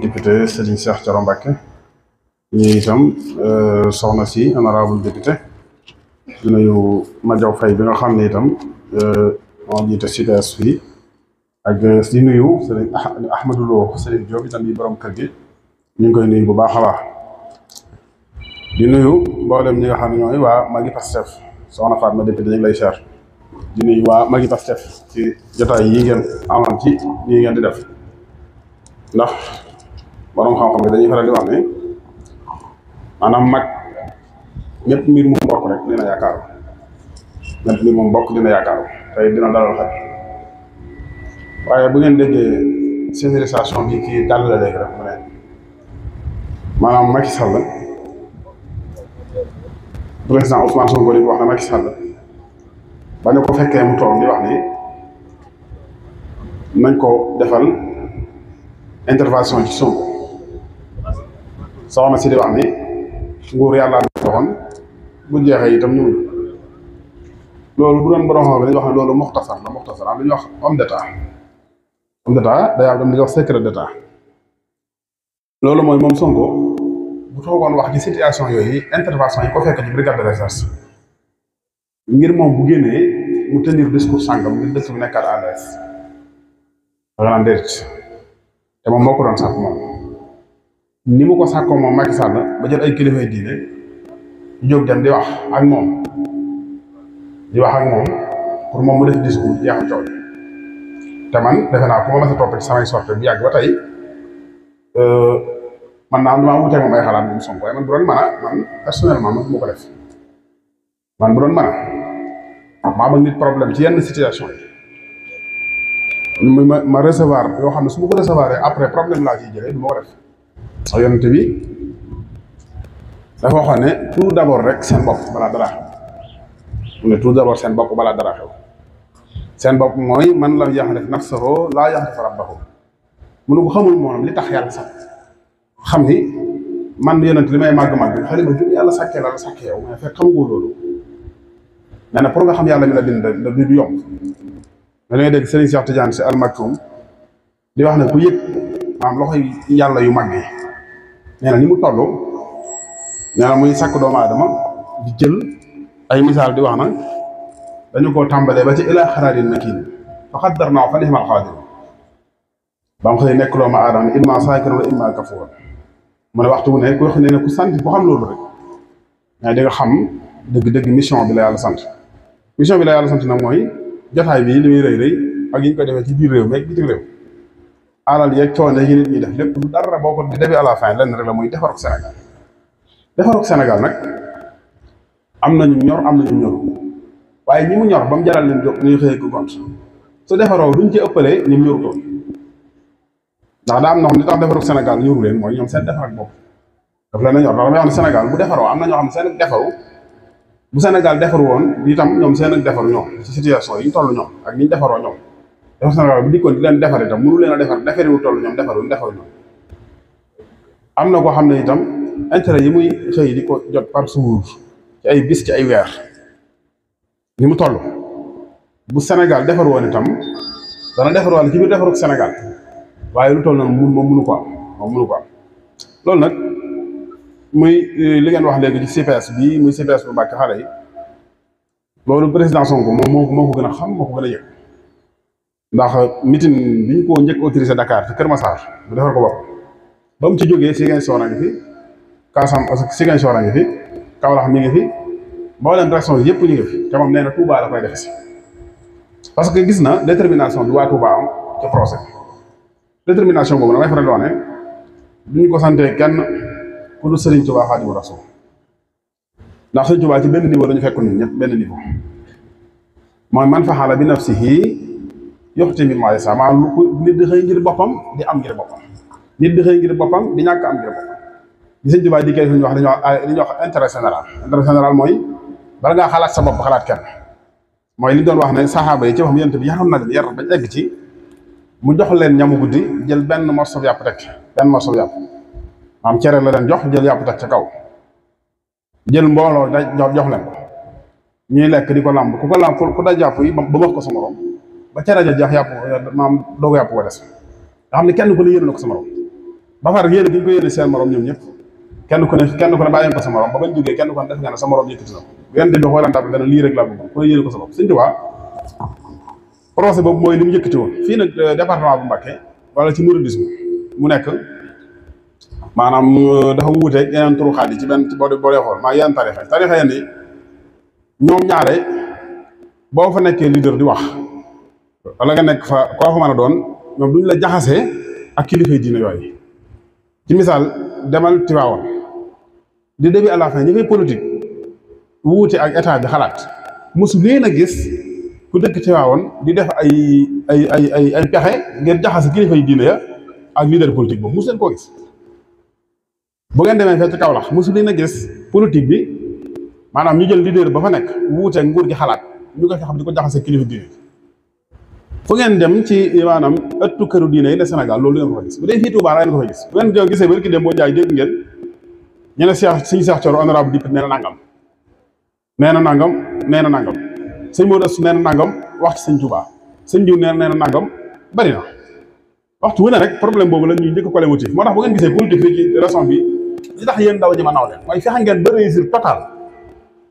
député Serigne Cheikh Thioro Mbacké ñii euh, soxna si honorable député di nuyu Madiaw Faye bi nga xam ne itam euh, moo jiite CPS fii ak euh, nuyu Serigne Ahmadou Lo Serigne Diop itam yi borom kër gi ñu ngi koy nuyu bu baax a baax di nuyu mboolem ñi nga xam ne ñooy wa magi Pastef soxna Fatma député ñu lay cher di nuyu waa Magui Pastef ci jotaay yi ngeen amoon ci nii ngeen di def ndax borom xam-xam yi dañuy faral di wax ne maanaam mag ñett mbir mu bokk rek dina yaakaaru ñett mbir moom bokk dina yaakaaru tey dina dalal xel waaye bu ngeen déggee scénarisation bi kii dal la léegi rek mu ne maanaam Macky Sall président Ousmane Sonko di wax ne Macky Sall ba ñu ko fekkee mu toog di wax ni nañ ko defal intervention ci Sonko soxna si di wax ni nguur yàlla na ko bu jeexee itam ñu loolu bu doon borom a bi dañuy wax ne loolu muxtasar la muxtasar am dañuy wax homme d'état homme d'état day am dañuy wax mooy moom Sonko bu toogoon wax ci situation yooyu intervention yi ko fekk ci brigade de ngir moom bu génnee mu tenir discours sàngam ngir dëkk bi nekkaat à l'aise. te moom moo ko doon sax moom. ni mu ko sàkkoo moom Macky Sall ba jël ay kilifay diine jóg dem di wax ak moom di wax ak moom pour moom mu def discours yàq coow te man defe naa ku ma la sa topp euh, moom ay xalaat man bu doon a a nit problème ci yenn situation yi. ma ma recevoir yoo xam ne su ma ko recevoir après problème laa ciy jëlee du ma ko sax yonent bi dafa waxoon ne tout d'abord rek seen bopp balaa dara xew seen bopp balaa dara xew seen bopp mooy man lam yaxrif nafsahu laa yaxrif rabbahu mu ne ko xamul moom li tax yàlla sax xam ni man yonent li may màgg-màgg xëy na du yàlla sàkkee la la sàkkee yow mais fekk xamagoo loolu nee pour nga xam yàlla mi la bind da du yomb da ngay dégg Serigne Cheikh Tidiane si Al di wax ne ku yëg maanaam loxo yàlla yu màgg nee na ni mu toll nee na muy sàkk doomu aadama di jël ay misaal di wax na dañu koo tàmbalee ba ci ilaa xaraarin makiin fa xaddar naa fa nixmal nekk doomu aadama imma saakiran wa ne waxtu wu ne ku wax ne ne ku sant ku xam loolu rek mais di nga xam dëgg mission bi la yàlla sant mission bi la yàlla sant nag mooy jotaay bi li muy rëy rëy ak yi ñu koy defee ci biir réew mi ak réew alal yeeg coono yi nit ñi def lépp lu dara boo ko di début à la fin lenn rek la muy defarug Sénégal defarug Sénégal nag am nañu ñor am nañu ñor waaye ñi ñor ba mu leen jóg ñu xëy ko gont su defaroo ci ëppalee ñi mu ndax daa am na xam li tax defarug Sénégal ñoru leen mooy ñoom seen defar ak bopp daf leen a ñor ndax damay wax Sénégal bu defaroo am na ñoo xam ne seen defaru bu Sénégal ñoom seen ak defaru ñoom ci yi ñu toll ñoom ak ni defaroo ñoom raison bi dikkoon di leen defar itam mënu leen a defar defaree wu toll ñoom defaruñ defar ñoom am na koo xam ne itam intérêt yi muy xëy di ko jot par jour ci ay bis ci ay weer ni mu toll bu Sénégal defar woon itam dana defar woon ci biir defarug Sénégal waaye lu toll noonu mun moom mënu ko loolu nag muy eh, li ngeen wax léegi ci CPS bii muy CPS bu Mbàkke xale yi loolu président Sonko moom moo ko gën a xam moo ko gën yëg ndax mitin bi ñu ko njëkk autorisé Dakar ci Kër Massar bu defal ko bopp ba mu ci jógee Ziguinchor a ngi fi Kaasam Ziguinchor a ngi fi Kaolack mi ngi fi mboolem région yëpp ñu fi te moom nee na Touba la koy defe si parce que gis na détermination bi waa Touba am ci procès détermination boobu damay faral di wax ñu ko sante kenn ku dul Serigne Touba Xaadimu Rasuul ndax Serigne Touba ci benn niveau la ñu fekkoon ñun ñëpp benn niveau mooy man faxala bi nafsihi yoxte mi maa sa maanaam lu ko nit di xëy ngir boppam di am ngir boppam nit di xëy ngir boppam di ñàkk am ngir boppam di sëñ di kay ñu wax dañu wax li ñuy wax intérêt général mooy bala ngaa xalaat sa bopp xalaat kenn mooy li doon wax ne saxaaba yi ci waxam yent bi yaram na leen yar bañ egg ci mu jox leen ñamu guddi jël benn morsof yàpp rek benn morsof yàpp maam cere la leen jox jël yàpp teg ca kaw jël mbooloo da jox leen ko ñuy lekk di ko làmb ku ko làmb ku da yi ba ma ba cere ja jeex yàpp eh, maam doogu yàpp wa des nga xam ne kenn ku ne yéene na ko sa morom ba far yéene gi ñu ko yéene seen morom ñoom ñëpp kenn ku ne kenn ku ne bàyyi ko sa morom ba bañ jógee kenn ku ne def nga ne sa morom yëkkati sa yéen demee xoolanta boobu mooy li mu yëkkati woon fii nag euh, département bu Mbacké wala ci mouridisme mu nekk maanaam euh, dafa wuute yeneen turu xaaj di ci benn boo boo dee xool maa yeneen tarixa tarixa yenn yi ñoom ñaare boo fa nekkee leader di wax wala nga nekk fa koo fa mën a doon ñoom duñ la jaxasee ak kilifa yi diine yooyu ci misaal demal Tiwaawan di début à la ñi fay politique wuute ak état bi xalaat mosu leen a gis ku dëkk Tiwaawan di def ay ay ay ay ay pexe ngeen jaxase kilifa yi diine ya ak leader politique boobu mosu koo gis. bu ngeen demee fee ci Kaolack mosu leen a gis politique bi maanaam ñu jël leader ba fa nekk wuute nguur gi xalaat ñu ko fi xam di ko jaxasee kilifa diine. fu ngeen dem ci maanaam ëttu këru diine yi de Sénégal loolu ngeen ko fa gis bu dee fii Touba ngeen ko fa gis bu ngeen ko gisee barki dem boo jaay dégg ñu ne Cheikh suñu Cheikh Thioro honorable député na nangam nee na nangam sëñ Modou nee na nangam wax ci sëñ Touba sëñ Diouf nee na na nangam bari na waxtu ne rek problème boobu la ñuy njëkk collé motif moo tax bu ngeen gisee politique bi ci raison ndaw ji ma naaw leen mooy fexe ngeen ba réussir total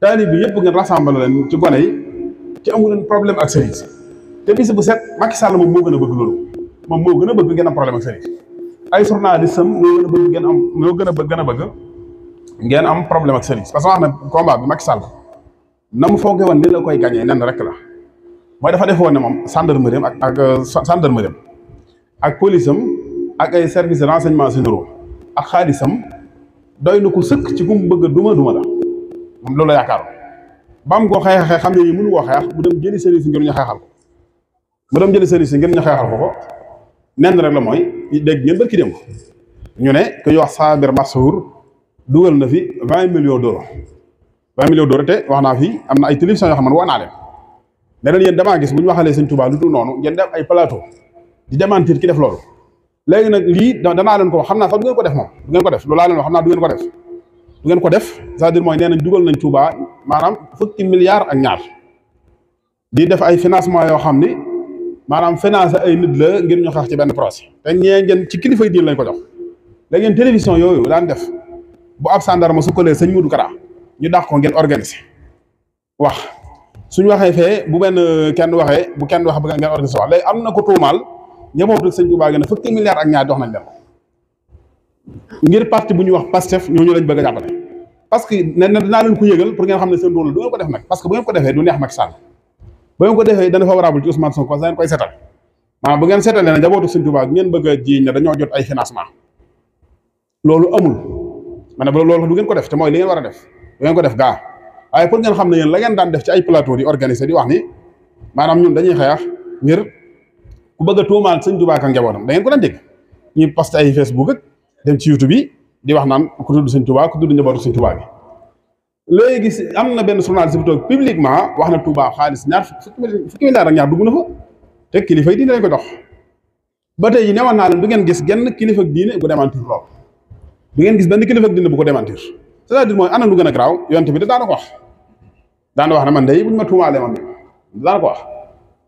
taalib bi yëpp ngeen rassemble leen ci gone yi ci amu leen problème ak sëriñ te bis bu set Macky Sall moom moo gën a bëgg loolu moom moo gën a bëgg ngeen am problème ak sëriñ ay am ñoo gën a a bëgg gën a bëgg ngeen wax na combat bi Macky Sall na mu rek la mooy dafa defoon ne moom gendarmerie ak ak euh, gendarmerie ak police am ak ay services de renseignement généraux ak xaalisam doy na ko sëkk ci ku bëgg duma duma la moom loolu la yaakaar ba mu ko xeexee xam ne nii mënu ko xeex ko. mu dem jëli sëriñ si ngir ñu xeexal ko ko nenn rek la mooy dégg ngeen barki dem ñu ne ku ñuy wax Saabir Massour dugal na fi vingt millions d'euros vingt millions d'euros te wax naa fi am na ay télévision yoo xam ne woo naa leen ne leen yéen damaa gis bu ñu waxalee Sëñ Tuubaa lu dul noonu ngeen def ay plateau di démentir ki def loolu léegi nag lii danaa leen ko xam naa sax du ngeen ko def moom du ngeen ko def loolu laa leen wax xam naa du ngeen ko def du ngeen ko def cest nañ dugal maanaam fukki milliards ak ñaar di def ay financement yoo xam ni maanaam financé ay nit la ngir ñu xax ci benn projet te ñee ngeen ci kilifa yi diin lañ ko jox léegi ngeen télévision yooyu daan def bu ab sandarma su kolee sëñ Modou Kara ñu dàq ko ngeen organiser wax suñu waxee fee bu benn kenn bu kenn wax ba ngeen organiser wax am na ko tuumaal ñëwootu a fukki milliards ak ñaar jox nañ ngir parti bu ñuy wax Pastef ñooñu lañ bëgg a jàppale parce que dinaa leen ko yëgal pour ngeen xam ne seen rôle du ngeen ko def nag parce bu ngeen ko defee du neex Macky Sall ba mu ko defee dana favorable ci Ousmane Sonko da ngeen koy setal maanaam bu ngeen seetalee ne njabootu Sëñ Tuubaa ngeen bëgg a jiiñ ne dañoo jot ay financement loolu amul ma ne loolu du ngeen ko def te mooy li ngeen war a def du ngeen ko def gaa waaye pour ngeen xam ne yéen la ngeen daan def ci ay plateau di organiser di wax ni maanaam ñun dañuy xeex ngir ku bëgg a tuumaal Sëñ Tuubaa ak njabootam da ngeen ko daan dégg ñu poste ay Facebook ak dem ci YouTube yi di wax naan ku tudd Sëñ Tuubaa ku tudd njabootu Sëñ Tuubaa bi léegi si am na benn journaliste bu toog publiquement wax na Touba xaalis ñaar fukki milliards ak ñaar dugg fa te kilifa yi diine lañ ba tey jii ne naa leen du ngeen gis genn kilifa ak diine bu démentir lool bu ngeen gis benn kilifa ak diine bu ko démentir c'est-à-dire mooy ana lu gën a garaaw yonent bi da daana ko wax daana wax ne man day buñ ma tuumaalee ma miin daana ko wax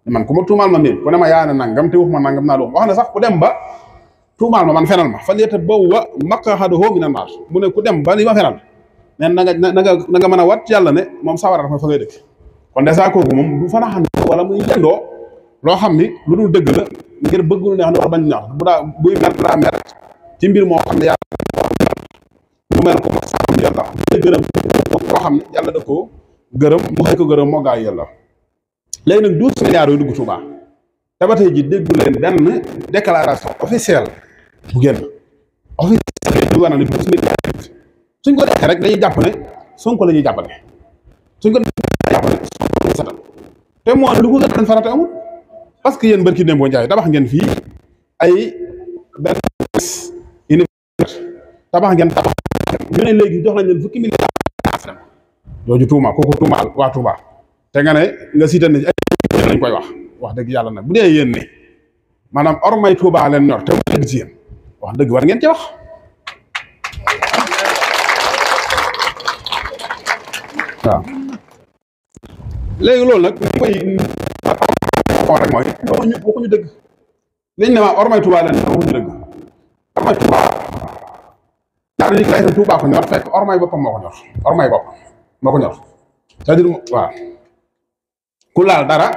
man ku ma tuumaal ma miin ku ne ma yaa ne nangam te waxuma nangam naa lu wax na sax ku dem ba tuumaal ma man fenal ma fa léegi te boobu ba maqaxadu hoo mi na naar mu ne dem ba nen na nga na nga na mën a wat yàlla ne moom sawara dafa fa ngay dëkk kon dèjà kooku moom du fanaxandoo wala muy yendoo loo xam ni lu dul dëgg la ngir bëgg lu neex ne war bañ neex bu daa buy mer daa mer ci mbir moo xam ne yàlla mu mer ko saxam yàlla da gërëm xam ne yàlla da ko gërëm mu xëy ko gërëm moo gaay yàlla léegi nag douze milliards yooyu dugg Touba te ba tey ji déggu leen benn déclaration officielle bu génn officielle bi war na ne suñ ko defee rek dañuy jàpp ne Sonko la ñuy jàppale suñ ko defee jàpp ne la ñuy satal te moo lu ko gën farata amul parce que yéen barki Demba Ndiaye tabax ngeen fii ay benn université tabax ngeen tabax ne léegi jox nañ leen fukki milliards jooju Touba kooku Touba waa Touba te nga ne nga siite ne ay lañ koy wax wax dëgg yàlla nag bu dee yéen ne maanaam ormay Touba leen ñor te mu dëgg ci yéen wax dëgg war ngeen ci wax. waaw léegi loolu nag mooy xool rek mooy waxuñu waxuñu dëgg liñ ne ma ormay Tuubaa leen waxuñu ko ñor fekk ormay boppam moo ko ñor moo ko ñor cest à ku laal dara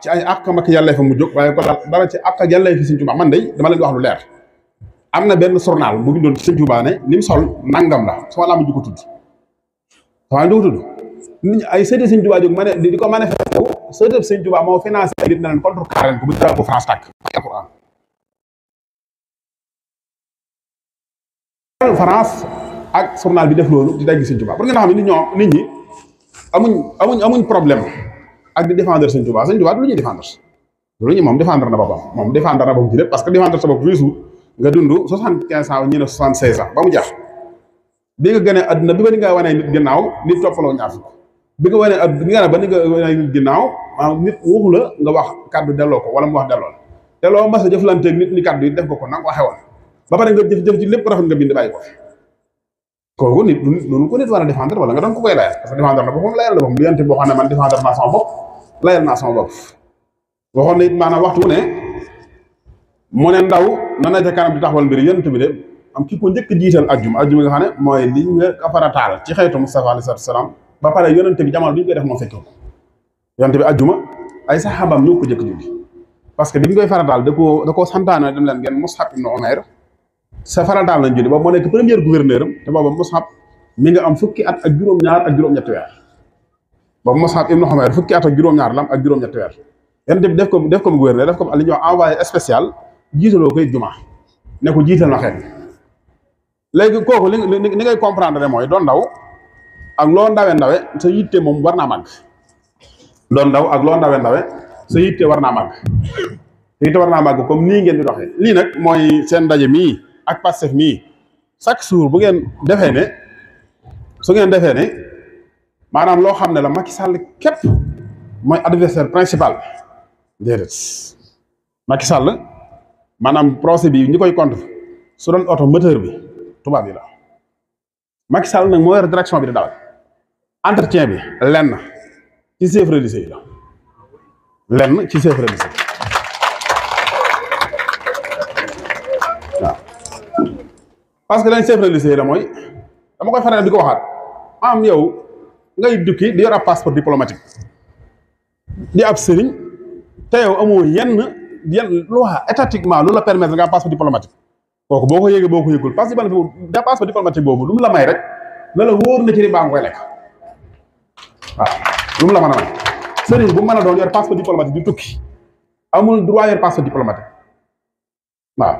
ci ay àq mag yàlla fa mu jóg waaye ku laal yàlla fi Sëñ Tuubaa man de dama leen wax lu leer am na benn journal bu bindoon ci Sëñ Tuubaa ne li mu sol nangam la sama laa ma ju tudd sama laa ma ju tudd ay sëriñ Sëriñ Tuubaa jóg ma ne di ko manifesté wu sëriñ Sëriñ Tuubaa moo financé ay nit na leen contre carré ko France tàkk France ak journal bi def loolu di dagg Sëriñ Tuubaa pour ngeen xam ni nit ñoo nit ñi amuñ a amuñ problème ak di défendre Sëriñ Tuubaa Sëriñ Tuubaa du lu ñuy défendre loolu ñu moom défendre na boppam moom défendre na boppam ci lépp parce que défendre sa bopp wiisu nga dund soixante quinze ans ba mu jeex bi nga gën a adduna bi ba di nga wanee nit gannaaw nit toppaloo ñaar fukk bi ko wane ab bi nga ba ni nga wane nit ginnaaw maanaam nit waxu nga wax kàddu delloo ko wala mu wax delloo la te loo mas a jëflanteeg nit ñi kàddu yi def ko ko nag waxee woon ba pare nga jëf-jëf ci lépp rafet nga bind bàyyi ko kooku nit loolu ko nit war a défendre wala nga doon ko koy layal parce que défendre na boppam layal na boppam boo xam ne man défendre naa sama bopp layal naa sama bopp waxoon na it maanaam waxtu wu ne moo ne ndaw na na ca kanam di taxawal mbir yent bi de am ki ko njëkk jiital ajjuma ajjuma nga xam ne mooy li nga farataal ci xeetu Mustafa alayhi salaam ba pare yonent bi jamono bi koy def moo fekkee ko yonent bi ajjuma ay sax xamam ko jëkk que bi ñu koy farataal koo da koo santaane dem leen ngeen Mus'ab ibn Umayr sa farataal lañ julli boobu moo nekk premier gouverneur am te boobu Mus'ab mi nga am fukki at ak juróom-ñaar ak juróom-ñetti weer boobu Mus'ab ibn fukki at ak ak juróom weer yonent bi def ko def ko gouverneur def ko li ñuy envoyé spécial jiitaloo koy juma ne ko jiital na xeet léegi kooku li ngay comprendre mooy doon ndaw ak loo ndawe ndawe sa yitte moom war naa màgg doon ndaw ak loo ndawe ndawe sa yitte war naa màgg sa yitte war naa màgg comme nii ngeen di doxee lii nag mooy seen ndaje mii ak Pastef mii chaque jour bu ngeen defee ne su ngeen defee ne maanaam loo xam ne la Macky Sall képp mooy adversaire principal déedéet Macky Sall maanaam procès bi ñu koy contre su doon oto moteur bi tubaab yi la Macky Sall nag moo direction bi di dawal entretien bi leen ci chef religieux yi la lenn ci chef religieux yi que lenn chef religieux yi la mooy dama koy faral di ko waxaat maanaam yow ngay dukki di yor ab passeport diplomatique di ab sëriñ te yow amoo yenn yenn loi étatiquement lu la permettre nga am passeport diplomatique kooku boo ko yëgee boo ko yëgul parce que ban da passeport diplomatique boobu lu mu la may rek la la wóor na ci riba nga koy lekk waaw lu mu la man a may sëriñ bu mu mën a doon yor passeport diplomatique du tukki amul droit yor passeport diplomatique waaw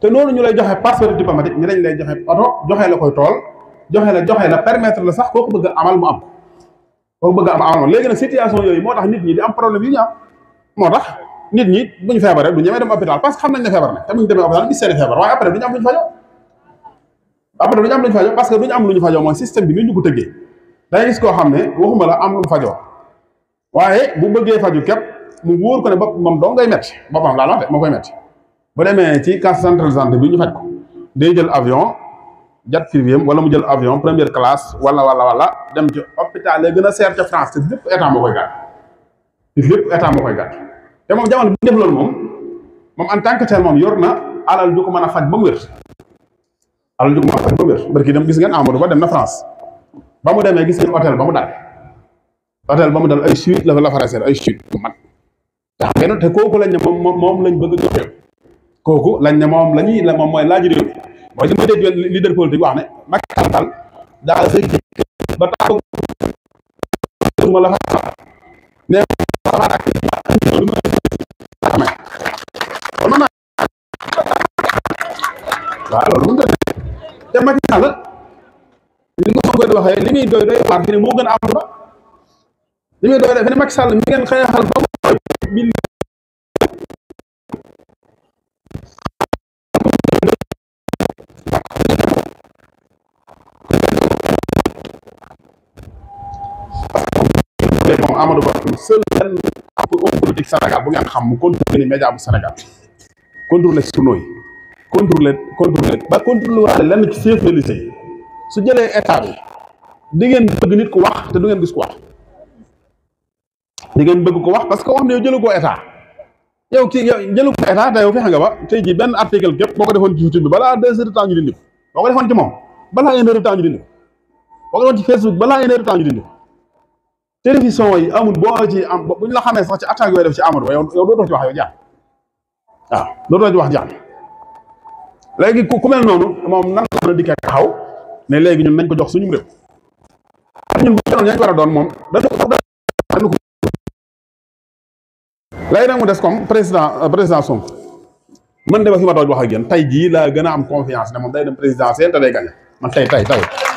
te noonu ñu lay joxe passeport diplomatique ñu lay joxe oto joxe la koy tool joxe la joxe la permettre la sax koo ko bëgg a amal a am amal léegi nag situation moo tax nit ñi di am problème yu ñu am moo tax nit ñi bu ñu feebaree du ñemee dem hôpital parce que xam nañ ne feebar na te bu ñu demee hôpital gis seen feebar waaye après du ñu am lu ñu fajoo après du ñu am lu fajoo parce que du ñu am lu fajoo mooy système bi ni ñu tëggee day gis koo xam ne waxuma la am lu mu fajoo waaye bu bëggee faju képp mu wóor ko ne bopp moom doo ngay métti boppam laa wax de moo koy métti bu demee ci case centrale santé bi ñu faj ko day jël avion jet privé wala mu jël avion première classe wala wala wala dem ci hôpital yi gën a seer ca France te lépp état moo koy gàtt te lépp état koy gàtt te moom jamono bi ñu def loolu moom moom en tant que moom yor na alal ju ko mën a faj ba mu wér alal ju a na France. ba mu demee gis ngeen hôtel ba mu dal hôtel ba mu dal ay suite la fa la fa reseer ay suite bu te kooku lañ ne moom moom lañ bëgg kooku lañ ne moom la ñuy mooy laaj réew mooy li ma dégg leader politique wax ne Macky Sall daal daal say ba tax ma la fa ne waaw loolu mënta te Macky Sall koy waxee li muy doy doy waar fi ne moo gën a am ba li muy doy doy fi ne Macky Sall mi ngeen xëy ba mu moom Amadou Ba seul benn Sénégal bu ngeen xam mu contrôler média bu Sénégal contrôler journaux yi contrôler contrôler ba contrôler waale lenn ci chef religieux yi su jëlee état bi di ngeen bëgg nit ku wax te du ngeen gis ku wax di ngeen bëgg ko wax parce que wax na yow jëlu ko état yow kii yow jëlu ko état te yow fexe nga ba tey jii benn article képp boo ko defoon ci YouTube bi balaa deux heures de temps ñu dindi boo ko defoon ci moom balaa une heure de temps ñu dindi boo ci Facebook balaa une heure de temps ñu yi amul boo ci am bu ñu la xamee sax ci attaque yooyu def ci Amadou Ba yow dootoo ci wax yow jaan waaw dootoo ci wax jaan léegi ku mel noonu moom nan la mën a dikkee taxaw ne léegi ñun nañ ko jox suñu réew ñun bu ñu doon war a doon moom dañu ko lay nag mu des comme président président Sonko man de ba fi ma toog wax ak yéen tey jii laa gën a am confiance ne moom day dem présidentielle te day gagné man tey tey tey.